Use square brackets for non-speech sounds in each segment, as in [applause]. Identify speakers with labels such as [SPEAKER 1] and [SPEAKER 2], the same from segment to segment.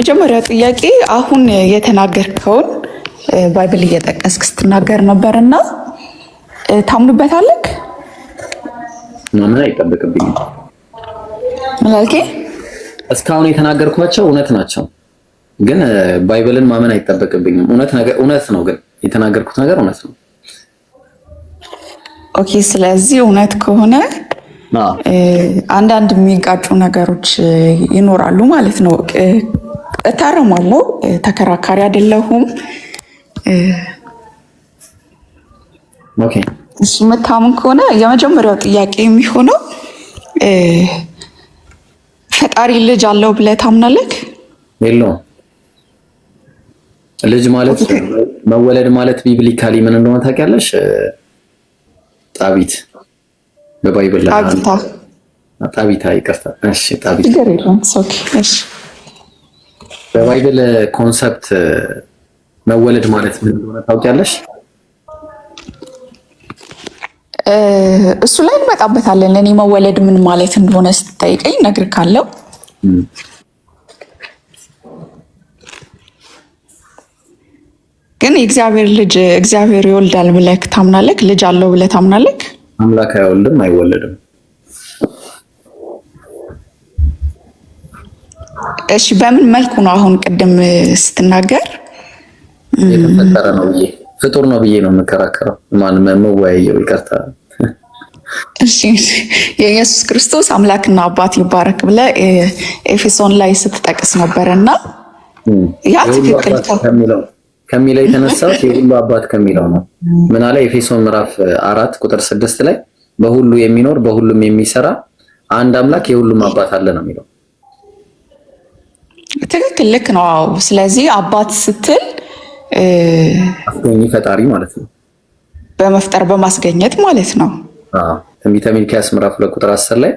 [SPEAKER 1] የመጀመሪያው ጥያቄ አሁን የተናገርከውን ባይብል እየጠቀስክ ስትናገር ነበር እና ታምኑበታለህ?
[SPEAKER 2] ማመን አይጠበቅብኝም። ላልኬ እስካሁን የተናገርኳቸው እውነት ናቸው፣ ግን ባይብልን ማመን አይጠበቅብኝም። እውነት ነው፣ ግን የተናገርኩት ነገር እውነት ነው።
[SPEAKER 1] ኦኬ። ስለዚህ እውነት ከሆነ አንዳንድ የሚጋጩ ነገሮች ይኖራሉ ማለት ነው። እታረሟለሁ። ተከራካሪ አይደለሁም። እሱ መታመን ከሆነ የመጀመሪያው ጥያቄ የሚሆነው ፈጣሪ ልጅ አለው ብለህ ታምናለህ?
[SPEAKER 2] የለውም። ልጅ ማለት መወለድ ማለት ቢብሊካሊ ምን እንደሆነ ታውቂያለሽ? ጣቢት በባይብል ጣቢታ ጣቢታ ይቅርታ። እሺ ጣቢታ በባይብል ኮንሰፕት መወለድ ማለት ምን እንደሆነ ታውቂያለሽ?
[SPEAKER 1] እሱ ላይ እንመጣበታለን። እኔ መወለድ ምን ማለት እንደሆነ ስትጠይቀኝ ነግር ካለው ግን የእግዚአብሔር ልጅ እግዚአብሔር ይወልዳል ብለህ ታምናለህ? ልጅ አለው ብለህ ታምናለህ?
[SPEAKER 2] አምላክ አይወልድም አይወለድም።
[SPEAKER 1] እሺ፣ በምን መልኩ ነው አሁን? ቅድም ስትናገር
[SPEAKER 2] የተፈጠረ ነው ብዬ ፍጡር ነው ብዬ ነው የምከራከረው። ማን መወያየው? ይቅርታ
[SPEAKER 1] የኢየሱስ ክርስቶስ አምላክና አባት ይባረክ ብለ ኤፌሶን ላይ ስትጠቅስ ነበር ያ
[SPEAKER 2] ትክክል ከሚለው የተነሳው የሁሉ አባት ከሚለው ነው። ምን አለ ኤፌሶን ምዕራፍ አራት ቁጥር ስድስት ላይ በሁሉ የሚኖር በሁሉም የሚሰራ አንድ አምላክ የሁሉም አባት አለ ነው የሚለው
[SPEAKER 1] ትክክል፣ ልክ ነው። አዎ። ስለዚህ አባት ስትል
[SPEAKER 2] አስገኝ ፈጣሪ ማለት ነው።
[SPEAKER 1] በመፍጠር በማስገኘት ማለት ነው።
[SPEAKER 2] ትንቢተ ሚልክያስ ምዕራፍ ሁለት ቁጥር አስር ላይ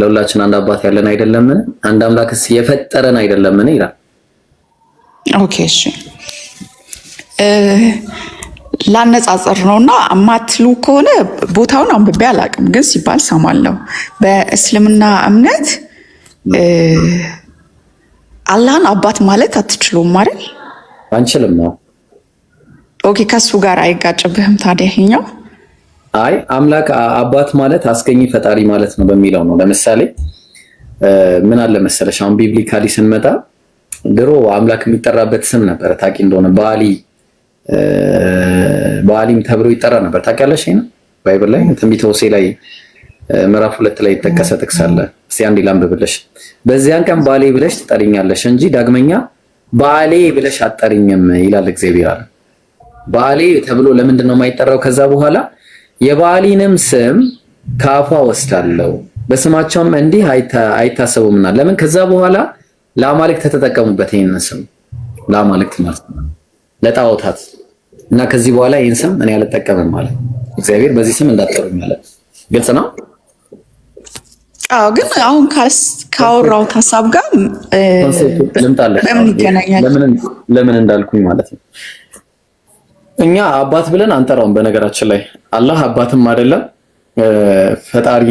[SPEAKER 2] ለሁላችን አንድ አባት ያለን አይደለምን? አንድ አምላክስ የፈጠረን አይደለምን? ይላል።
[SPEAKER 1] ኦኬ፣ እሺ ላነጻጽር ነው እና ማትሉ ከሆነ ቦታውን አንብቤ አላቅም፣ ግን ሲባል ሰማለሁ በእስልምና እምነት አላህን አባት ማለት አትችሉም አይደል? አንችልም ነው። ኦኬ፣ ከሱ ጋር አይጋጭብህም ታዲያ ይሄኛው?
[SPEAKER 2] አይ አምላክ አባት ማለት አስገኝ ፈጣሪ ማለት ነው በሚለው ነው። ለምሳሌ ምን አለ መሰለሽ፣ አሁን ቢብሊካሊ ስንመጣ ድሮ አምላክ የሚጠራበት ስም ነበረ። ታቂ እንደሆነ ባሊ ባሊም ተብሎ ይጠራ ነበር። ታውቂያለሽ? ይሄን ባይብል ላይ ትንቢተ ሆሴዕ ላይ ምዕራፍ ሁለት ላይ የተጠቀሰ ጥቅስ አለ። እስቲ አንድ ላም በዚያን ቀን ባሌ ብለሽ ትጠሪኛለሽ እንጂ ዳግመኛ ባሌ ብለሽ አትጠሪኝም ይላል እግዚአብሔር አለ። ባሌ ተብሎ ለምንድን ነው የማይጠራው? ከዛ በኋላ የባሊንም ስም ከአፏ ወስዳለው በስማቸውም እንዲህ አይታሰቡምና። ለምን ከዛ በኋላ ለአማልክት ተጠቀሙበት ይህንን ስም ለአማልክት ማለት ነው ለጣዖታት እና ከዚህ በኋላ ይህን ስም እኔ አልጠቀምም ማለት እግዚአብሔር በዚህ ስም እንዳትጠሩኝ ማለት ግልጽ ነው።
[SPEAKER 1] ግን አሁን ካወራሁት ሀሳብ ጋር
[SPEAKER 2] ለምን እንዳልኩኝ ማለት ነው። እኛ አባት ብለን አንጠራውም። በነገራችን ላይ አላህ አባትም አይደለም ፈጣሪ።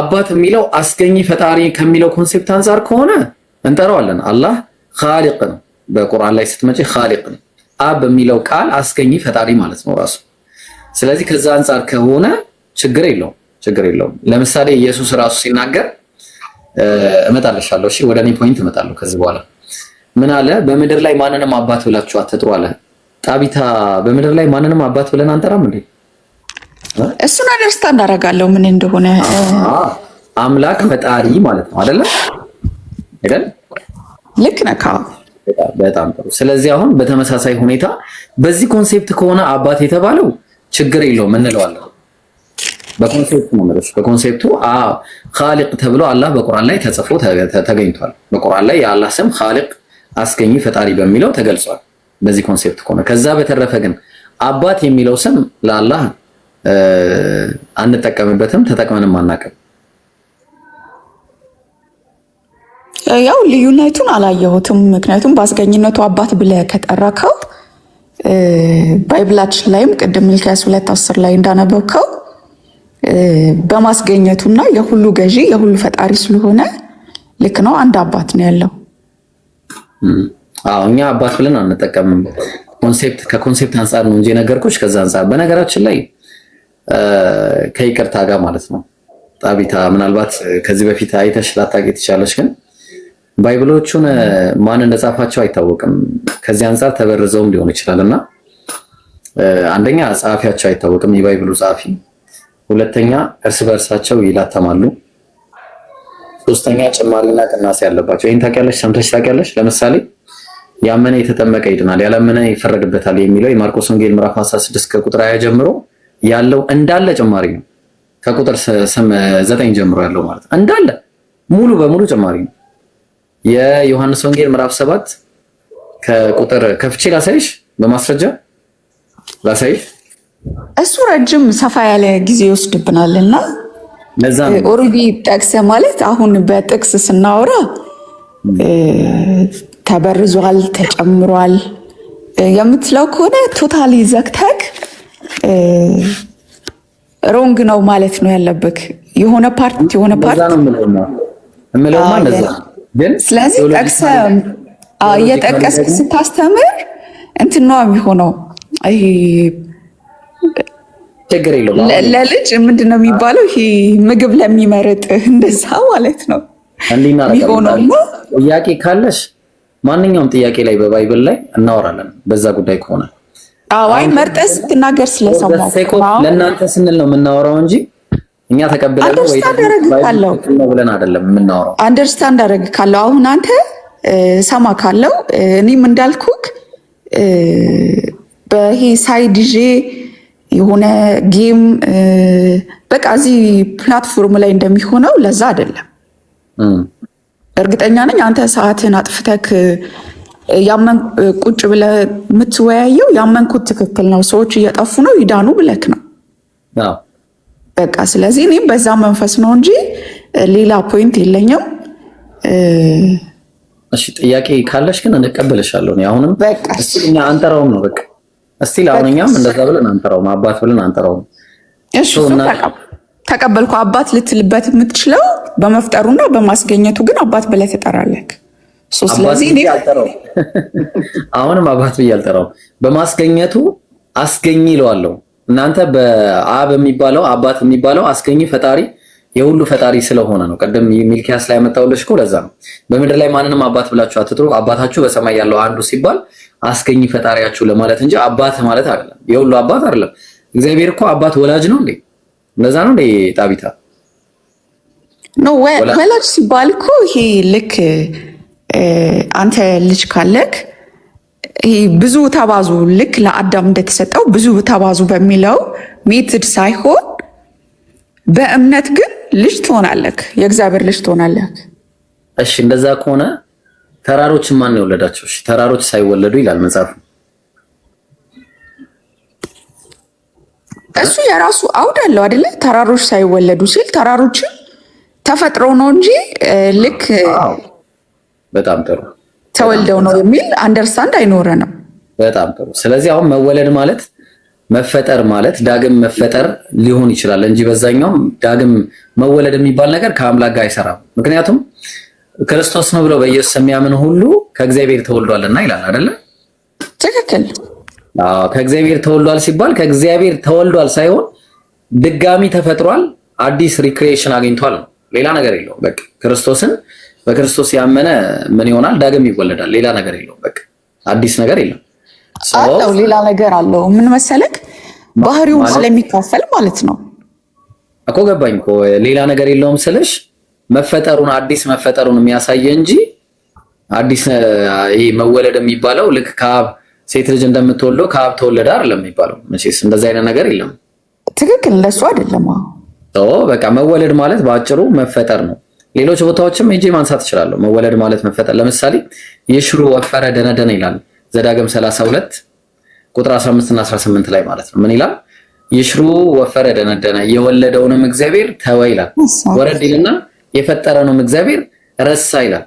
[SPEAKER 2] አባት የሚለው አስገኝ ፈጣሪ ከሚለው ኮንሴፕት አንጻር ከሆነ እንጠራዋለን። አላህ ኻሊቅ ነው። በቁርአን ላይ ስትመጪ ኻሊቅ ነው። አብ የሚለው ቃል አስገኝ ፈጣሪ ማለት ነው ራሱ። ስለዚህ ከዛ አንጻር ከሆነ ችግር የለውም። ችግር የለውም። ለምሳሌ ኢየሱስ ራሱ ሲናገር እመጣልሻለሁ፣ እሺ ወደ እኔ ፖይንት እመጣለሁ ከዚህ በኋላ ምን አለ? በምድር ላይ ማንንም አባት ብላችሁ አትጥሩ አለ። ጣቢታ በምድር ላይ ማንንም አባት ብለን አንጠራም እንዴ?
[SPEAKER 1] እሱን አደርስታ አደርጋለሁ ምን እንደሆነ።
[SPEAKER 2] አምላክ ፈጣሪ ማለት ነው አይደለ? አይደል? ልክ ነካ። በጣም ጥሩ። ስለዚህ አሁን በተመሳሳይ ሁኔታ በዚህ ኮንሴፕት ከሆነ አባት የተባለው ችግር የለውም እንለዋለን። በኮንሴፕቱ ነው ማለት በኮንሴፕቱ ኻሊቅ ተብሎ አላህ በቁርአን ላይ ተጽፎ ተገኝቷል። በቁርአን ላይ የአላህ ስም ኻሊቅ አስገኝ ፈጣሪ በሚለው ተገልጿል። በዚህ ኮንሴፕት ከሆነ ከዛ በተረፈ ግን አባት የሚለው ስም ለአላህ አንጠቀምበትም፣ ተጠቅመንም አናውቅም።
[SPEAKER 1] ያው ልዩነቱን አላየሁትም። ምክንያቱም በአስገኝነቱ አባት ብለህ ከጠራከው ባይብላችን ላይም ቅድም ሚልክያስ ሁለት አስር ላይ እንዳነበብከው በማስገኘቱና የሁሉ ገዢ የሁሉ ፈጣሪ ስለሆነ ልክ ነው። አንድ አባት ነው ያለው።
[SPEAKER 2] አዎ እኛ አባት ብለን አንጠቀምም። ኮንሴፕት ከኮንሴፕት አንጻር ነው እንጂ ነገርኩሽ። ከዛ አንጻር በነገራችን ላይ ከይቅርታ ጋር ማለት ነው። ጣቢታ ምናልባት ከዚህ በፊት አይተሽ ላታቂ ትችያለሽ፣ ግን ባይብሎቹን ማን እንደጻፋቸው አይታወቅም። ከዚህ አንጻር ተበርዘውም ሊሆን ይችላል እና አንደኛ ጸሐፊያቸው አይታወቅም፣ የባይብሉ ጸሐፊ ሁለተኛ እርስ በእርሳቸው ይላተማሉ። ሶስተኛ ጭማሪና ቅናሴ ያለባቸው። ይህን ታውቂያለሽ? ሰምተሽ ታውቂያለሽ? ለምሳሌ ያመነ የተጠመቀ ይድናል፣ ያላመነ ይፈረድበታል የሚለው የማርቆስ ወንጌል ምዕራፍ 16 ከቁጥር 20 ጀምሮ ያለው እንዳለ ጭማሪ ነው። ከቁጥር 9 ጀምሮ ያለው ማለት እንዳለ ሙሉ በሙሉ ጭማሪ ነው። የዮሐንስ ወንጌል ምዕራፍ 7 ከቁጥር ከፍቼ ላሳይሽ፣ በማስረጃ ላሳይሽ
[SPEAKER 1] እሱ ረጅም ሰፋ ያለ ጊዜ ይወስድብናል እና ኦሮቢ ጠቅሰ ማለት አሁን በጥቅስ ስናወራ ተበርዟል፣ ተጨምሯል የምትለው ከሆነ ቶታሊ ዘግተክ ሮንግ ነው ማለት ነው ያለብክ። የሆነ ፓርት የሆነ ፓርት ስለዚህ ጠቅሰ እየጠቀስክ ስታስተምር እንትን ነው የሚሆነው ችግር የለውም። ለልጅ ምንድን ነው የሚባለው? ይሄ ምግብ ለሚመርጥ እንደዛ ማለት ነው። እንዲናረጋለን
[SPEAKER 2] ጥያቄ ካለሽ ማንኛውም ጥያቄ ላይ በባይብል ላይ እናወራለን። በዛ ጉዳይ ከሆነ
[SPEAKER 1] አዋይ መርጠስ ስትናገር ስለሰማሁ
[SPEAKER 2] ለእናንተ ስንል ነው የምናወራው እንጂ እኛ ተቀብለን ወይ ብለን አይደለም የምናወራው።
[SPEAKER 1] አንደርስታንድ አደረግ ካለው አሁን አንተ ሰማ ካለው እኔም እንዳልኩክ በሄ ሳይድ ይዤ የሆነ ጌም በቃ እዚህ ፕላትፎርም ላይ እንደሚሆነው ለዛ አይደለም። እርግጠኛ ነኝ አንተ ሰዓትን አጥፍተክ ያመን ቁጭ ብለ የምትወያየው ያመንኩት ትክክል ነው፣ ሰዎች እየጠፉ ነው፣ ይዳኑ ብለክ ነው። በቃ ስለዚህ እኔም በዛ መንፈስ ነው እንጂ ሌላ ፖይንት የለኝም።
[SPEAKER 2] እሺ ጥያቄ ካለሽ ግን እንቀበልሻለሁ። አሁንም አንጠራውም ነው በቃ እስቲ ለአሁንኛም እንደዛ ብለን አንጠራውም፣ አባት ብለን አንጠራውም።
[SPEAKER 1] እሺ ተቀበልኩ። አባት ልትልበት የምትችለው በመፍጠሩና በማስገኘቱ ግን አባት ብለህ ትጠራለህ። ስለዚህ እኔ
[SPEAKER 2] [laughs] አሁንም አባት ብዬ አልጠራውም። በማስገኘቱ አስገኝ ይለዋለሁ። እናንተ በአብ የሚባለው አባት የሚባለው አስገኝ ፈጣሪ የሁሉ ፈጣሪ ስለሆነ ነው። ቀደም ሚልኪያስ ላይ ያመጣውልሽ እኮ ለዛ ነው። በምድር ላይ ማንንም አባት ብላችሁ አትጥሩ፣ አባታችሁ በሰማይ ያለው አንዱ ሲባል አስገኝ ፈጣሪያችሁ ለማለት እንጂ አባት ማለት አይደለም። የሁሉ አባት አይደለም። እግዚአብሔር እኮ አባት ወላጅ ነው እንዴ? ለዛ ነው እንዴ? ጣቢታ
[SPEAKER 1] ኖ ወላጅ ሲባል እኮ ይሄ ልክ አንተ ልጅ ካለክ ብዙ ተባዙ ልክ ለአዳም እንደተሰጠው ብዙ ተባዙ በሚለው ሜትድ ሳይሆን በእምነት ግን ልጅ ትሆናለህ፣ የእግዚአብሔር ልጅ ትሆናለህ።
[SPEAKER 2] እሺ እንደዛ ከሆነ ተራሮች ማን ነው የወለዳቸው? እሺ ተራሮች ሳይወለዱ ይላል መጽሐፉ።
[SPEAKER 1] እሱ የራሱ አውድ አለው አይደለ? ተራሮች ሳይወለዱ ሲል ተራሮች ተፈጥሮ ነው እንጂ ልክ በጣም ጥሩ ተወልደው ነው የሚል አንደርስታንድ አይኖረንም።
[SPEAKER 2] በጣም ጥሩ። ስለዚህ አሁን መወለድ ማለት መፈጠር ማለት ዳግም መፈጠር ሊሆን ይችላል እንጂ በዛኛውም ዳግም መወለድ የሚባል ነገር ከአምላክ ጋር አይሰራም። ምክንያቱም ክርስቶስ ነው ብሎ በኢየሱስ የሚያምን ሁሉ ከእግዚአብሔር ተወልዷልና ይላል አይደለ? ትክክል። ከእግዚአብሔር ተወልዷል ሲባል ከእግዚአብሔር ተወልዷል ሳይሆን ድጋሚ ተፈጥሯል፣ አዲስ ሪክሬሽን አግኝቷል ነው። ሌላ ነገር የለውም። በቃ ክርስቶስን በክርስቶስ ያመነ ምን ይሆናል? ዳግም ይወለዳል። ሌላ ነገር የለውም። በቃ አዲስ ነገር የለም።
[SPEAKER 1] አለው ሌላ ነገር አለው። ምን መሰለክ ባህሪውን ስለሚካፈል ማለት ነው
[SPEAKER 2] እኮ ገባኝ እኮ ሌላ ነገር የለውም ስልሽ መፈጠሩን አዲስ መፈጠሩን የሚያሳየ እንጂ አዲስ ይሄ መወለድ የሚባለው ልክ ከአብ ሴት ልጅ እንደምትወልደው ከአብ ተወለደ አይደለም የሚባለው። መቼስ እንደዚህ አይነት ነገር የለም።
[SPEAKER 1] ትክክል እንደሱ አይደለም።
[SPEAKER 2] በቃ መወለድ ማለት በአጭሩ መፈጠር ነው። ሌሎች ቦታዎችም ሄጄ ማንሳት እችላለሁ። መወለድ ማለት መፈጠር። ለምሳሌ የሽሮ ወፈረ ደነደነ ይላል። ዘዳግም 32 ቁጥር 15 እና 18 ላይ ማለት ነው። ምን ይላል? ይሽሩ ወፈረ ደነደነ፣ የወለደውንም እግዚአብሔር ተወ ይላል። ወረድ ይልና የፈጠረውንም እግዚአብሔር ረሳ ይላል።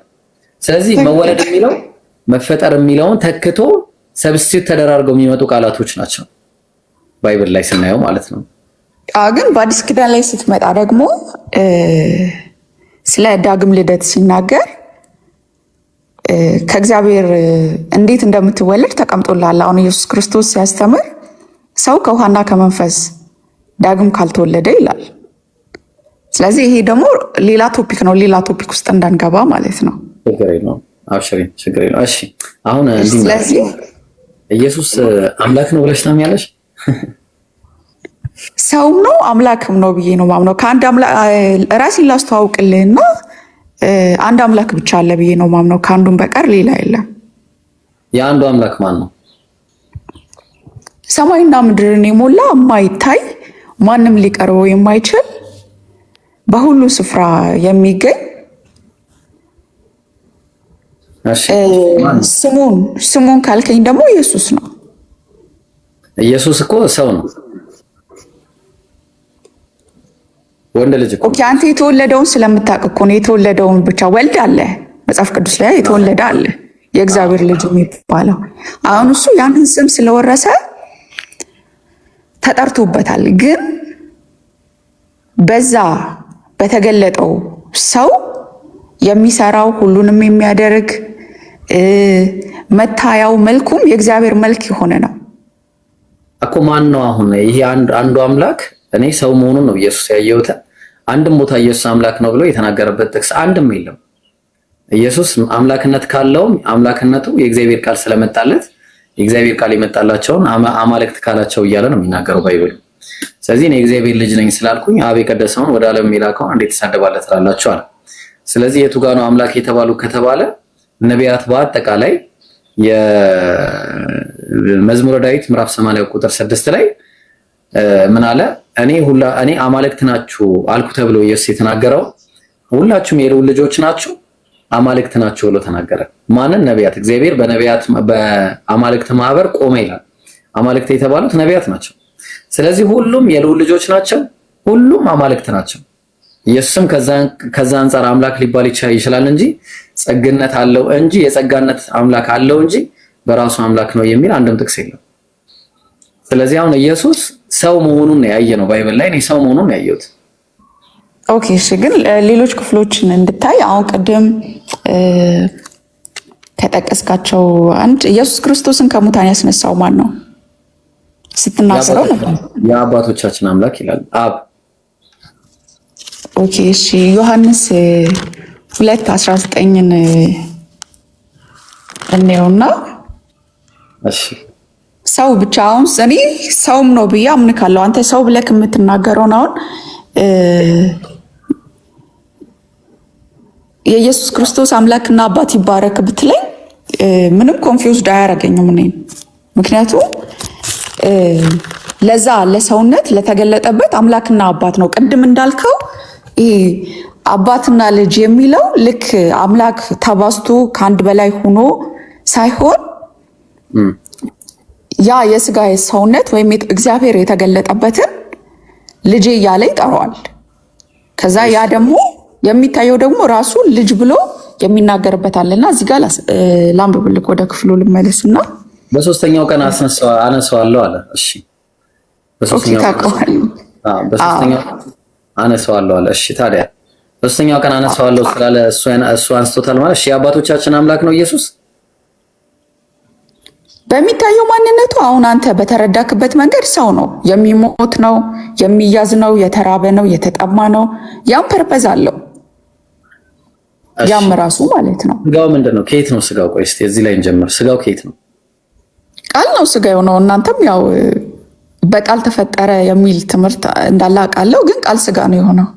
[SPEAKER 2] ስለዚህ መወለድ የሚለው መፈጠር የሚለውን ተክቶ ሰብስቲት ተደራርገው የሚመጡ ቃላቶች ናቸው ባይብል ላይ ስናየው ማለት ነው።
[SPEAKER 1] ግን በአዲስ ኪዳን ላይ ስትመጣ ደግሞ ስለ ዳግም ልደት ሲናገር ከእግዚአብሔር እንዴት እንደምትወለድ ተቀምጦልሃል። አሁን ኢየሱስ ክርስቶስ ሲያስተምር ሰው ከውሃና ከመንፈስ ዳግም ካልተወለደ ይላል። ስለዚህ ይሄ ደግሞ ሌላ ቶፒክ ነው። ሌላ ቶፒክ ውስጥ እንዳንገባ ማለት ነው። አሁን ስለዚህ
[SPEAKER 2] ኢየሱስ አምላክ ነው ብለሽ ነው ያለሽ?
[SPEAKER 1] ሰውም ነው አምላክም ነው ብዬ ነው ማምነው። ከአንድ ራሴን ላስተዋውቅልህና አንድ አምላክ ብቻ አለ ብዬ ነው ማምነው። ከአንዱም በቀር ሌላ የለም።
[SPEAKER 2] የአንዱ አምላክ ማን ነው?
[SPEAKER 1] ሰማይና ምድርን የሞላ የማይታይ ማንም ሊቀርበው የማይችል በሁሉ ስፍራ የሚገኝ ስሙን ስሙን ካልከኝ ደግሞ ኢየሱስ ነው።
[SPEAKER 2] ኢየሱስ እኮ ሰው ነው።
[SPEAKER 1] ወንድ ልጅ ኦኬ። አንተ የተወለደውን ስለምታውቅ እኮ ነው። የተወለደውን ብቻ ወልድ አለ መጽሐፍ ቅዱስ ላይ የተወለደ አለ የእግዚአብሔር ልጅ የሚባለው። አሁን እሱ ያንን ስም ስለወረሰ ተጠርቶበታል። ግን በዛ በተገለጠው ሰው የሚሰራው ሁሉንም የሚያደርግ መታያው መልኩም የእግዚአብሔር መልክ የሆነ ነው
[SPEAKER 2] እኮ። ማን ነው አሁን ይሄ አንዱ አምላክ እኔ ሰው መሆኑን ነው ኢየሱስ ያየሁት። አንድም ቦታ ኢየሱስ አምላክ ነው ብሎ የተናገረበት ጥቅስ አንድም የለም። ኢየሱስ አምላክነት ካለውም አምላክነቱ የእግዚአብሔር ቃል ስለመጣለት የእግዚአብሔር ቃል የመጣላቸውን አማልክት ካላቸው እያለ ነው የሚናገረው ባይብል። ስለዚህ እኔ የእግዚአብሔር ልጅ ነኝ ስላልኩኝ አብ የቀደሰውን ወደ ዓለም የላከውን እንዴት ተሳደባለህ ትላላችሁ አለ። ስለዚህ የቱ ጋ ነው አምላክ የተባሉ ከተባለ ነቢያት በአጠቃላይ የመዝሙረ ዳዊት ምዕራፍ 80 ቁጥር ስድስት ላይ ምን አለ? እኔ ሁላ እኔ አማልክት ናችሁ አልኩ ተብሎ ኢየሱስ የተናገረው ሁላችሁም የልዑል ልጆች ናችሁ አማልክት ናችሁ ብሎ ተናገረ። ማንን? ነቢያት። እግዚአብሔር በነቢያት በአማልክት ማህበር ቆመ ይላል። አማልክት የተባሉት ነቢያት ናቸው። ስለዚህ ሁሉም የልዑል ልጆች ናቸው፣ ሁሉም አማልክት ናቸው። ኢየሱስም ከዛ አንጻር አምላክ ሊባል ይችላል እንጂ ጸግነት አለው እንጂ የጸጋነት አምላክ አለው እንጂ በራሱ አምላክ ነው የሚል አንድም ጥቅስ የለም። ስለዚህ አሁን ኢየሱስ ሰው መሆኑን ያየ ነው። ባይብል ላይ እኔ ሰው መሆኑን ያየሁት።
[SPEAKER 1] ኦኬ እሺ። ግን ሌሎች ክፍሎችን እንድታይ አሁን ቅድም ከጠቀስካቸው አንድ ኢየሱስ ክርስቶስን ከሙታን ያስነሳው ማን ነው ስትናገረው ነበር።
[SPEAKER 2] የአባቶቻችን አምላክ ይላል አብ።
[SPEAKER 1] ኦኬ እሺ። ዮሐንስ ሁለት አስራ ዘጠኝን እንየውና እሺ ሰው ብቻ አሁን እኔ ሰውም ነው ብዬ አምንካለሁ። አንተ ሰው ብለክ የምትናገረውን አሁን የኢየሱስ ክርስቶስ አምላክና አባት ይባረክ ብትለኝ ምንም ኮንፊውዝድ አያረገኝም እኔ ምክንያቱም ለዛ ለሰውነት ለተገለጠበት አምላክና አባት ነው። ቅድም እንዳልከው ይሄ አባትና ልጅ የሚለው ልክ አምላክ ተባስቶ ከአንድ በላይ ሆኖ ሳይሆን ያ የስጋ ሰውነት ወይም እግዚአብሔር የተገለጠበትን ልጄ እያለ ይጠራዋል። ከዛ ያ ደግሞ የሚታየው ደግሞ ራሱ ልጅ ብሎ የሚናገርበት አለና እዚህ ጋር ላንብብልክ ወደ ክፍሉ ልመለስና
[SPEAKER 2] በሶስተኛው ቀን አነሰዋለሁ አለ። እሺ አነሳዋለሁ አለ። እሺ ታዲያ በሶስተኛው ቀን አነሰዋለሁ ስላለ እሱ አንስቶታል ማለት እሺ፣ የአባቶቻችን አምላክ ነው ኢየሱስ
[SPEAKER 1] በሚታየው ማንነቱ አሁን አንተ በተረዳክበት መንገድ ሰው ነው፣ የሚሞት ነው፣ የሚያዝ ነው፣ የተራበ ነው፣ የተጠማ ነው። ያም ፐርፐዝ አለው። ያም ራሱ ማለት ነው።
[SPEAKER 2] ስጋው ምንድን ነው? ከየት ነው ስጋው? ቆይ እስኪ እዚህ ላይ እንጀምር። ስጋው ከየት ነው?
[SPEAKER 1] ቃል ነው ስጋ የሆነው። እናንተም ያው በቃል ተፈጠረ የሚል ትምህርት እንዳለ አውቃለሁ፣ ግን ቃል ስጋ ነው የሆነው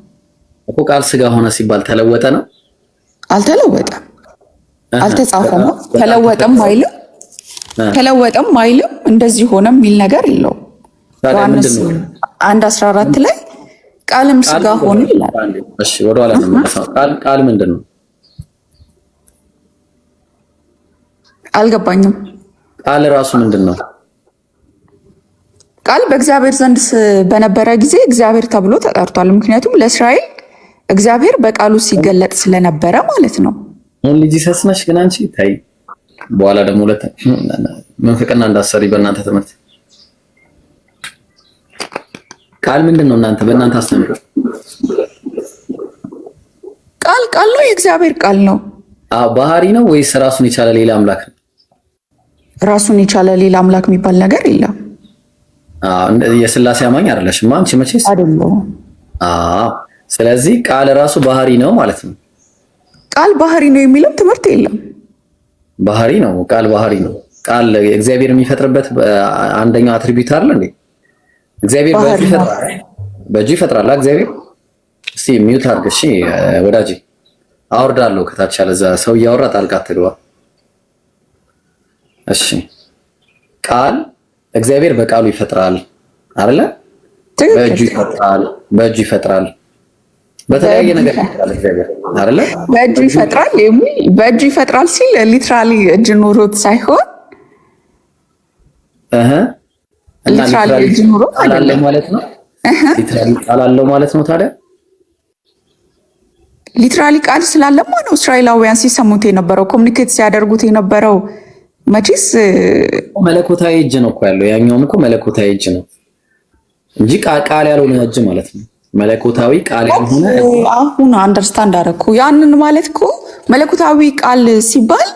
[SPEAKER 2] እኮ። ቃል ስጋ ሆነ ሲባል ተለወጠ ነው?
[SPEAKER 1] አልተለወጠም፣ አልተጻፈም፣ ተለወጠም አይልም ተለወጠም አይልም እንደዚህ ሆነም የሚል ነገር የለውም። ዮሐንስ አንድ አስራ አራት ላይ ቃልም ስጋ ሆነ ይላል።
[SPEAKER 2] ወደኋላ ነው ቃል ምንድን ነው? አልገባኝም። ቃል ራሱ ምንድን ነው?
[SPEAKER 1] ቃል በእግዚአብሔር ዘንድ በነበረ ጊዜ እግዚአብሔር ተብሎ ተጠርቷል። ምክንያቱም ለእስራኤል እግዚአብሔር በቃሉ ሲገለጥ ስለነበረ ማለት ነው።
[SPEAKER 2] ኦንሊ ጂሰስ ነሽ ግን አንቺ ታይ በኋላ ደግሞ ሁለት ምንፍቅና እንዳሰሪ በእናንተ ትምህርት ቃል ምንድን ነው? እናንተ በእናንተ አስተምሩ።
[SPEAKER 1] ቃል ቃል ነው፣ የእግዚአብሔር ቃል ነው።
[SPEAKER 2] አዎ ባህሪ ነው ወይስ ራሱን የቻለ ሌላ አምላክ ነው?
[SPEAKER 1] ራሱን የቻለ ሌላ አምላክ የሚባል ነገር የለም።
[SPEAKER 2] አዎ የሥላሴ አማኝ አይደለሽማ አንቺ መቼስ አይደለም። አዎ ስለዚህ ቃል ራሱ ባህሪ ነው ማለት ነው።
[SPEAKER 1] ቃል ባህሪ ነው የሚለው ትምህርት የለም።
[SPEAKER 2] ባህሪ ነው። ቃል ባህሪ ነው። ቃል እግዚአብሔር የሚፈጥርበት አንደኛው አትሪቢዩት አለ እንዴ? እግዚአብሔር በእጁ ይፈጥራል፣ በእጁ ይፈጥራል እግዚአብሔር። እስቲ ሚውት አድርግ እሺ ወዳጄ፣ አወርዳለሁ ከታች ያለ እዛ ሰው እያወራ ጣልቃ አትግባ እሺ። ቃል እግዚአብሔር በቃሉ ይፈጥራል አይደለ? በእጁ ይፈጥራል፣ በእጁ ይፈጥራል በተለያየ ነገር ይፈጥራል፣
[SPEAKER 1] በእጁ ይፈጥራል በእጁ ይፈጥራል ሲል ሊትራሊ እጅ ኑሮት ሳይሆን ሊትራሊ እጅ
[SPEAKER 2] ማለት ነው። ሊትራሊ ቃል አለው ማለት ነው። ታዲያ
[SPEAKER 1] ሊትራሊ ቃል ስላለማ ነው እስራኤላውያን ሲሰሙት የነበረው ኮሚኒኬት ሲያደርጉት የነበረው መቼስ
[SPEAKER 2] መለኮታዊ እጅ ነው እኮ ያለው። ያኛውም እኮ መለኮታዊ እጅ ነው እንጂ ቃል ያልሆነ እጅ ማለት ነው። መለኮታዊ ቃል
[SPEAKER 1] ሆነ። አሁን አንደርስታንድ አደረኩ። ያንን ማለት እኮ መለኮታዊ ቃል ሲባል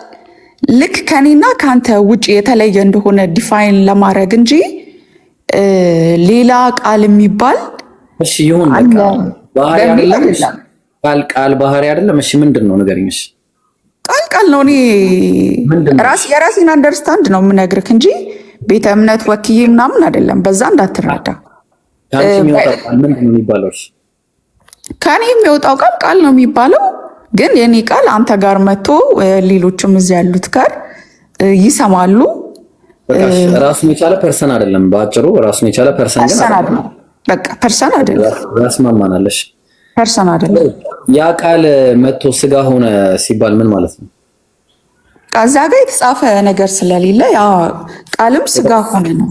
[SPEAKER 1] ልክ ከኔና ከአንተ ውጭ የተለየ እንደሆነ ዲፋይን ለማድረግ እንጂ ሌላ ቃል የሚባል
[SPEAKER 2] እሺ፣ ይሁን ባህሪ ቃል ቃል ባህሪ አይደለም። እሺ፣ ምንድን ነው ንገሪኝ። እሺ፣
[SPEAKER 1] ቃል ቃል ነው። እኔ ራሴ የራሴን አንደርስታንድ ነው የምነግርህ እንጂ ቤተ እምነት ወክዬ ምናምን አይደለም። በዛ እንዳትረዳ ከኔ የሚወጣው ቃል ቃል ነው የሚባለው። ግን የኔ ቃል አንተ ጋር መጥቶ ሌሎችም እዚህ ያሉት ጋር ይሰማሉ።
[SPEAKER 2] ራሱን የቻለ ፐርሰን አይደለም። በአጭሩ ራሱን የቻለ ፐርሰን
[SPEAKER 1] ፐርሰን አይደለም።
[SPEAKER 2] ያስማማናለሽ
[SPEAKER 1] ፐርሰን አይደለም።
[SPEAKER 2] ያ ቃል መጥቶ ስጋ ሆነ ሲባል ምን ማለት ነው?
[SPEAKER 1] ከዛ ጋር የተጻፈ ነገር ስለሌለ ያ ቃልም ስጋ ሆነ ነው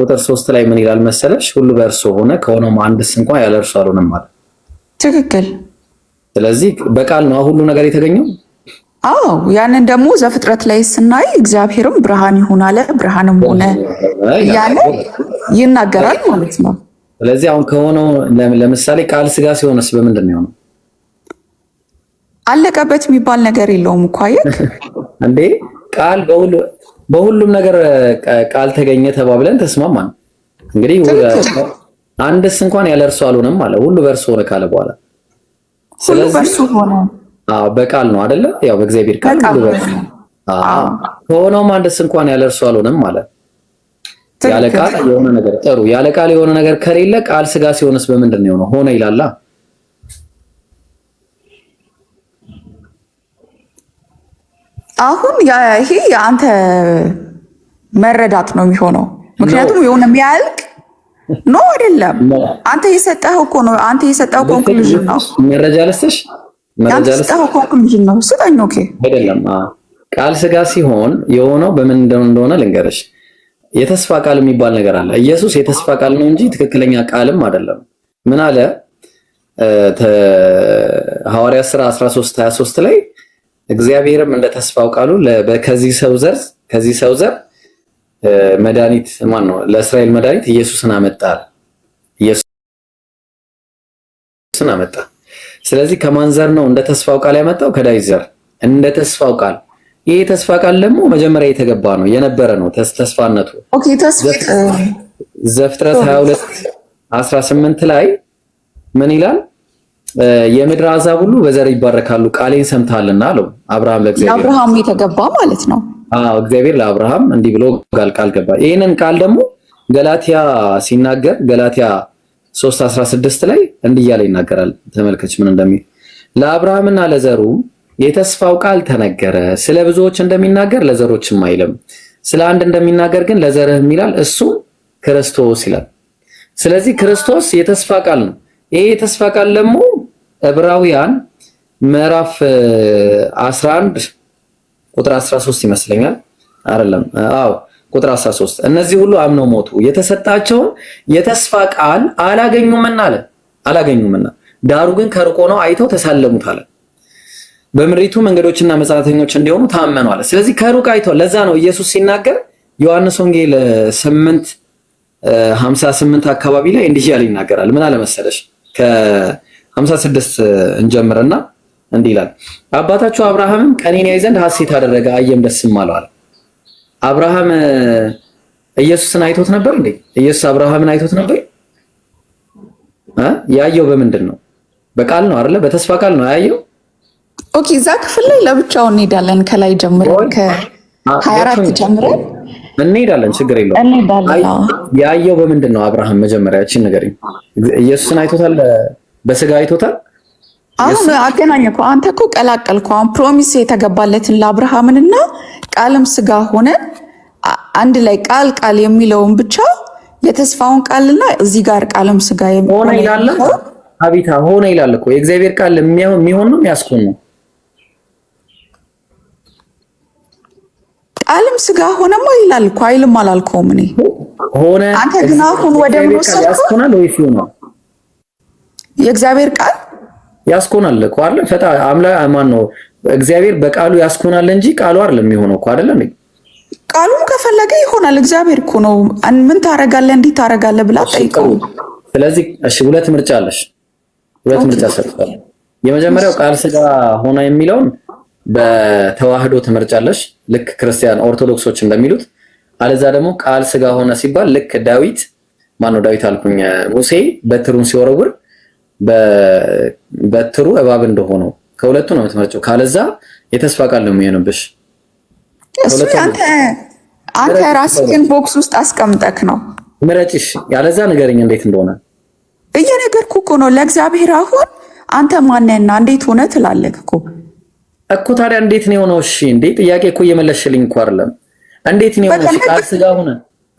[SPEAKER 2] ቁጥር ሶስት ላይ ምን ይላል መሰለሽ? ሁሉ በእርሱ ሆነ ከሆነውም አንድስ እንኳን ያለ እርሱ አልሆነም ማለት ትክክል። ስለዚህ በቃል ነው ሁሉ ነገር የተገኘው።
[SPEAKER 1] አዎ ያንን ደግሞ ዘፍጥረት ላይ ስናይ እግዚአብሔርም ብርሃን ይሁን አለ፣ ብርሃንም ሆነ እያለ ይናገራል ማለት ነው።
[SPEAKER 2] ስለዚህ አሁን ከሆነው ለምሳሌ ቃል ስጋ ሲሆንስ በምንድን ነው የሆነው?
[SPEAKER 1] አለቀበት የሚባል ነገር የለውም እኮ አየህ
[SPEAKER 2] እንዴ ቃል በሁሉ በሁሉም ነገር ቃል ተገኘ ተባብለን ተስማማን። እንግዲህ አንድስ እንኳን ያለ እርሱ አልሆነም አለ። ሁሉ በእርሱ ሆነ ካለ በኋላ
[SPEAKER 1] ስለዚህ
[SPEAKER 2] በቃል ነው አደለ? ያው በእግዚአብሔር ቃል ሁሉ በእርሱ አዎ። ከሆነውም አንድስ እንኳን ያለ እርሱ አልሆነም አለ። ያለ ቃል የሆነ ነገር ጥሩ፣ ያለ ቃል የሆነ ነገር ከሌለ ቃል ስጋ ሲሆንስ በምንድን ነው የሆነው? ሆነ ይላላ
[SPEAKER 1] አሁን ይሄ የአንተ መረዳት ነው የሚሆነው። ምክንያቱም የሆነ የሚያልቅ ኖ አይደለም። አንተ የሰጠኸው እኮ ነው። አንተ የሰጠኸው
[SPEAKER 2] ኮንክሉዥን ነው። መረጃ ለስተሽ
[SPEAKER 1] አንተ የሰጠኸው ኮንክሉዥን ነው። ስጠኝ። ኦኬ
[SPEAKER 2] አይደለም ቃል ስጋ ሲሆን የሆነው በምን እንደሆነ ልንገርሽ። የተስፋ ቃል የሚባል ነገር አለ። ኢየሱስ የተስፋ ቃል ነው እንጂ ትክክለኛ ቃልም አይደለም። ምን አለ ሐዋርያ ስራ 13 23 ላይ እግዚአብሔርም እንደ ተስፋው ቃሉ ከዚህ ሰው ዘር ከዚህ ሰው ዘር መድኃኒት ማን ነው? ለእስራኤል መድኃኒት ኢየሱስን አመጣ። ኢየሱስን አመጣ። ስለዚህ ከማን ዘር ነው እንደ ተስፋው ቃል ያመጣው? ከዳዊት ዘር እንደ ተስፋው ቃል። ይሄ ተስፋ ቃል ደግሞ መጀመሪያ የተገባ ነው የነበረ ነው ተስፋነቱ። ኦኬ ዘፍጥረት 22 18 ላይ ምን ይላል? የምድር አሕዛብ ሁሉ በዘር ይባረካሉ ቃሌን ሰምታልና አለው። አብርሃም
[SPEAKER 1] ለእግዚአብሔር አብርሃም የተገባ ማለት ነው።
[SPEAKER 2] አዎ እግዚአብሔር ለአብርሃም እንዲህ ብሎ ቃል ቃል ገባ። ይህንን ቃል ደግሞ ገላትያ ሲናገር ገላትያ 3:16 ላይ እንዲህ እያለ ይናገራል። ተመልከች ምን እንደሚል ለአብርሃምና ለዘሩ የተስፋው ቃል ተነገረ። ስለ ብዙዎች እንደሚናገር ለዘሮችም አይልም፣ ስለ አንድ እንደሚናገር ግን ለዘርህም ይላል፣ እሱም ክርስቶስ ይላል። ስለዚህ ክርስቶስ የተስፋ ቃል ነው። ይሄ የተስፋ ቃል ደግሞ ዕብራውያን ምዕራፍ 11 ቁጥር 13 ይመስለኛል። አይደለም? አዎ ቁጥር 13 እነዚህ ሁሉ አምነው ሞቱ፣ የተሰጣቸውን የተስፋ ቃል አላገኙምና አለ አላገኙምና፣ ዳሩ ግን ከርቆ ነው አይተው ተሳለሙት አለ። በምሪቱ መንገዶችና መጻተኞች እንዲሆኑ ታመኑ አለ። ስለዚህ ከሩቅ አይተው፣ ለዛ ነው ኢየሱስ ሲናገር ዮሐንስ ወንጌል 8 58 አካባቢ ላይ እንዲህ ያለ ይናገራል። ምን አለ መሰለሽ ከ ሀምሳ ስድስት እንጀምርና እንዲህ ይላል። አባታቸው አብርሃምም ቀኔን ያይ ዘንድ ሐሴት አደረገ፣ አየም ደስም አለው አብርሃም ኢየሱስን አይቶት ነበር እንዴ? ኢየሱስ አብርሃምን አይቶት ነበር? ያየው በምንድን ነው? በቃል ነው አይደለ? በተስፋ ቃል ነው ያየው።
[SPEAKER 1] ኦኬ፣ እዛ ክፍል ላይ ለብቻው እንሄዳለን። ከላይ ጀምረን ከ24 ጀምረን
[SPEAKER 2] እንሄዳለን። ችግር የለውም
[SPEAKER 1] እንሄዳለን።
[SPEAKER 2] ያየው በምንድን ነው አብርሃም? መጀመሪያ እቺን ንገሪኝ። ኢየሱስን አይቶታል በስጋ አይቶታል።
[SPEAKER 1] አሁን አገናኘ እኮ አንተ እኮ ቀላቀልኩ። አሁን ፕሮሚስ የተገባለትን ለአብርሃምንና ቃልም ስጋ ሆነ አንድ ላይ ቃል ቃል የሚለውን ብቻ የተስፋውን ቃልና እዚህ ጋር ቃልም ስጋ
[SPEAKER 2] ሆነ ይላል። አቤታ ሆነ ይላል እኮ የእግዚአብሔር ቃል የሚሆን ነው የሚያስኮን ነው።
[SPEAKER 1] ቃልም ስጋ ሆነማ ይላል እኮ አይልም። አላልከውም እኔ ሆነ አንተ ግን አሁን ወደ
[SPEAKER 2] ምን ይሆናል
[SPEAKER 1] የእግዚአብሔር ቃል
[SPEAKER 2] ያስኮናል እኮ አይደል? ፈጣ አምላ ማን ነው? እግዚአብሔር በቃሉ ያስኮናል እንጂ ቃሉ አይደለም የሚሆነው እኮ አይደል?
[SPEAKER 1] ቃሉም ከፈለገ ይሆናል። እግዚአብሔር እኮ ነው። ምን ታረጋለ? እንዲህ ታረጋለ ብላ
[SPEAKER 2] ጠይቀው። ስለዚህ እሺ፣ ሁለት ምርጫ አለሽ። ሁለት ምርጫ ሰጥቷል። የመጀመሪያው ቃል ስጋ ሆነ የሚለውን በተዋህዶ ትመርጫለሽ፣ ልክ ክርስቲያን ኦርቶዶክሶች እንደሚሉት። አለዛ ደግሞ ቃል ስጋ ሆነ ሲባል ልክ ዳዊት ማነው ዳዊት አልኩኝ ሙሴ በትሩን ሲወረውር በትሩ እባብ እንደሆነው ከሁለቱ ነው የምትመርጨው። ካለዛ የተስፋ ቃል ነው የሚሆንብሽ።
[SPEAKER 1] አንተ ራስህን ቦክስ ውስጥ አስቀምጠክ ነው
[SPEAKER 2] ምረጭሽ። ያለዛ ንገረኝ እንዴት እንደሆነ
[SPEAKER 1] እየነገርኩ እኮ ነው ለእግዚአብሔር። አሁን አንተ ማነና እንዴት ሆነ ትላለህ እኮ
[SPEAKER 2] እኮ። ታዲያ እንዴት ነው የሆነው? እሺ እንዴ ጥያቄ እኮ እየመለሽልኝ እኮ አይደለም። እንዴት ነው የሆነው? ቃል ስጋ ሆነ።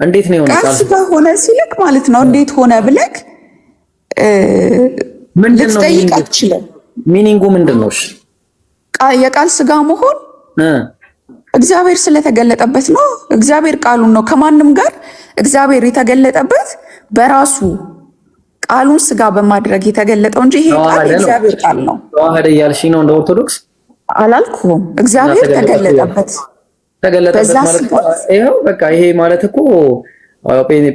[SPEAKER 2] እንዴት ነው የሆነው?
[SPEAKER 1] ቃል ስጋ ሆነ ሲልክ ማለት ነው እንዴት ሆነ ብለክ
[SPEAKER 2] ልትጠይቅ አትችልም። ሚኒንጉ ምንድን ነው?
[SPEAKER 1] የቃል ስጋ መሆን እግዚአብሔር ስለተገለጠበት ነው። እግዚአብሔር ቃሉን ነው። ከማንም ጋር እግዚአብሔር የተገለጠበት በራሱ ቃሉን ስጋ በማድረግ የተገለጠው እንጂ ይሄ ቃል እግዚአብሔር ቃል ነው።
[SPEAKER 2] ተዋህደ እያልሽ ነው እንደ ኦርቶዶክስ
[SPEAKER 1] አላልኩም። እግዚአብሔር ተገለጠበት
[SPEAKER 2] ተገለጠበት ማለት ይሄው በቃ ይሄ ማለት እኮ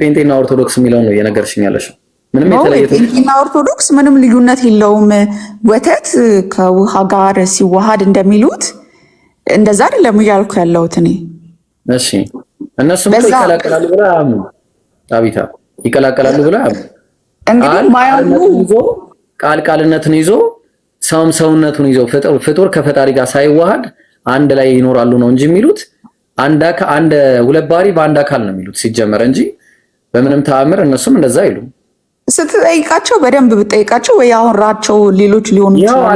[SPEAKER 2] ጴንጤና ኦርቶዶክስ የሚለው ነው እየነገርሽኛለሽ ነው
[SPEAKER 1] ምንም ኦርቶዶክስ ምንም ልዩነት የለውም። ወተት ከውሃ ጋር ሲዋሃድ እንደሚሉት እንደዛ አይደለም እያልኩ ያለሁት እኔ።
[SPEAKER 2] እሺ እነሱም
[SPEAKER 1] ይቀላቀላሉ
[SPEAKER 2] ብላ አቢታ ይቀላቀላሉ ብላ
[SPEAKER 1] እንግዲህ ማያሉ
[SPEAKER 2] ቃል ቃልነትን ይዞ ሰውም ሰውነቱን ይዞ ፍጡር ከፈጣሪ ጋር ሳይዋሃድ አንድ ላይ ይኖራሉ ነው እንጂ የሚሉት አንድ አንድ ሁለት ባህሪ በአንድ አካል ነው የሚሉት ሲጀመር እንጂ በምንም ተአምር እነሱም እንደዛ አይሉም።
[SPEAKER 1] ስትጠይቃቸው በደንብ ብጠይቃቸው ወይ ራቸው ሌሎች ሊሆኑ ይችላሉ።